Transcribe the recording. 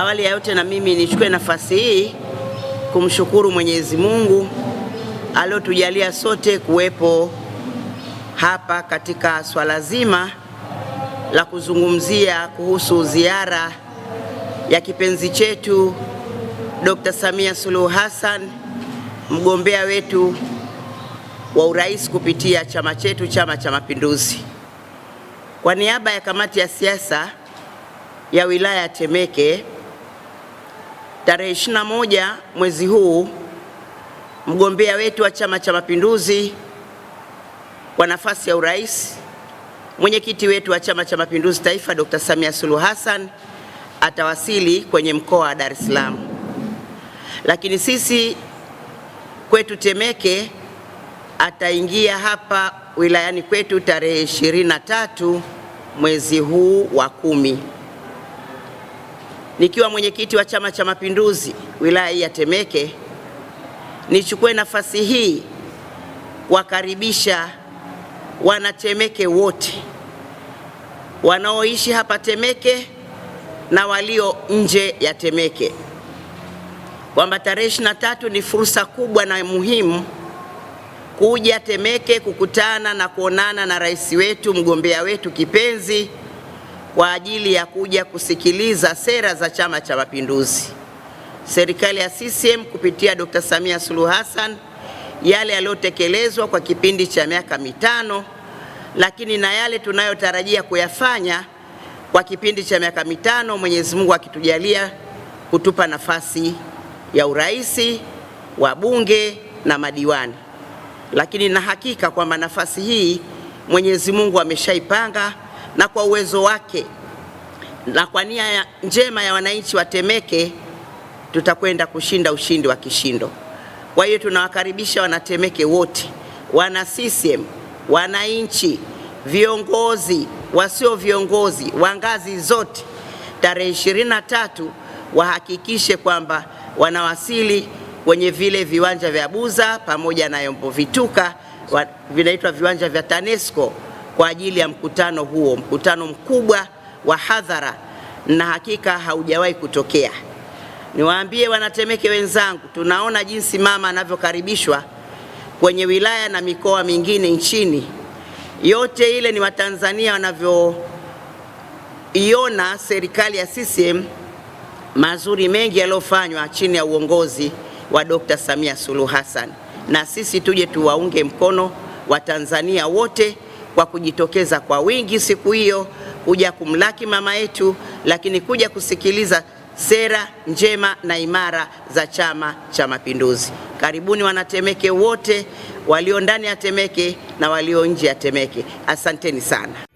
Awali ya yote na mimi nichukue nafasi hii kumshukuru Mwenyezi Mungu aliyotujalia sote kuwepo hapa katika swala zima la kuzungumzia kuhusu ziara ya kipenzi chetu Dr. Samia Suluhu Hassan mgombea wetu wa urais kupitia chama chetu Chama cha Mapinduzi. Kwa niaba ya kamati ya siasa ya wilaya ya Temeke Tarehe moja mwezi huu mgombea wetu wa Chama cha Mapinduzi kwa nafasi ya urais, mwenyekiti wetu wa Chama cha Mapinduzi Taifa, Dr. Samia Suluhu Hassan atawasili kwenye mkoa wa Dar es Salaam. Lakini sisi kwetu Temeke ataingia hapa wilayani kwetu tarehe tatu mwezi huu wa kumi. Nikiwa mwenyekiti wa Chama cha Mapinduzi wilaya ya Temeke, nichukue nafasi hii kuwakaribisha wanatemeke wote wanaoishi hapa Temeke na walio nje ya Temeke kwamba tarehe 23 ni fursa kubwa na muhimu kuja Temeke kukutana na kuonana na rais wetu mgombea wetu kipenzi kwa ajili ya kuja kusikiliza sera za Chama cha Mapinduzi, serikali ya CCM kupitia Dr. Samia Suluhu Hassan, yale yaliyotekelezwa kwa kipindi cha miaka mitano, lakini na yale tunayotarajia kuyafanya kwa kipindi cha miaka mitano, Mwenyezi Mungu akitujalia kutupa nafasi ya uraisi wa bunge na madiwani, lakini na hakika kwamba nafasi hii Mwenyezi Mungu ameshaipanga na kwa uwezo wake na kwa nia njema ya wananchi wa Temeke tutakwenda kushinda ushindi wa kishindo. Kwa hiyo tunawakaribisha wanatemeke wote, wana CCM, wananchi, viongozi, wasio viongozi wa ngazi zote, tarehe tatu wahakikishe kwamba wanawasili kwenye vile viwanja vya Buza pamoja na Yombo Vituka, vinaitwa viwanja vya TANESCO kwa ajili ya mkutano huo, mkutano mkubwa wa hadhara na hakika haujawahi kutokea. Niwaambie wanatemeke wenzangu, tunaona jinsi mama anavyokaribishwa kwenye wilaya na mikoa mingine nchini. Yote ile ni Watanzania wanavyoiona serikali ya CCM, mazuri mengi yaliyofanywa chini ya uongozi wa Dr. Samia Suluhu Hassan, na sisi tuje tuwaunge mkono Watanzania wote kwa kujitokeza kwa wingi siku hiyo kuja kumlaki mama yetu, lakini kuja kusikiliza sera njema na imara za Chama cha Mapinduzi. Karibuni wanatemeke wote walio ndani ya Temeke na walio nje ya Temeke. Asanteni sana.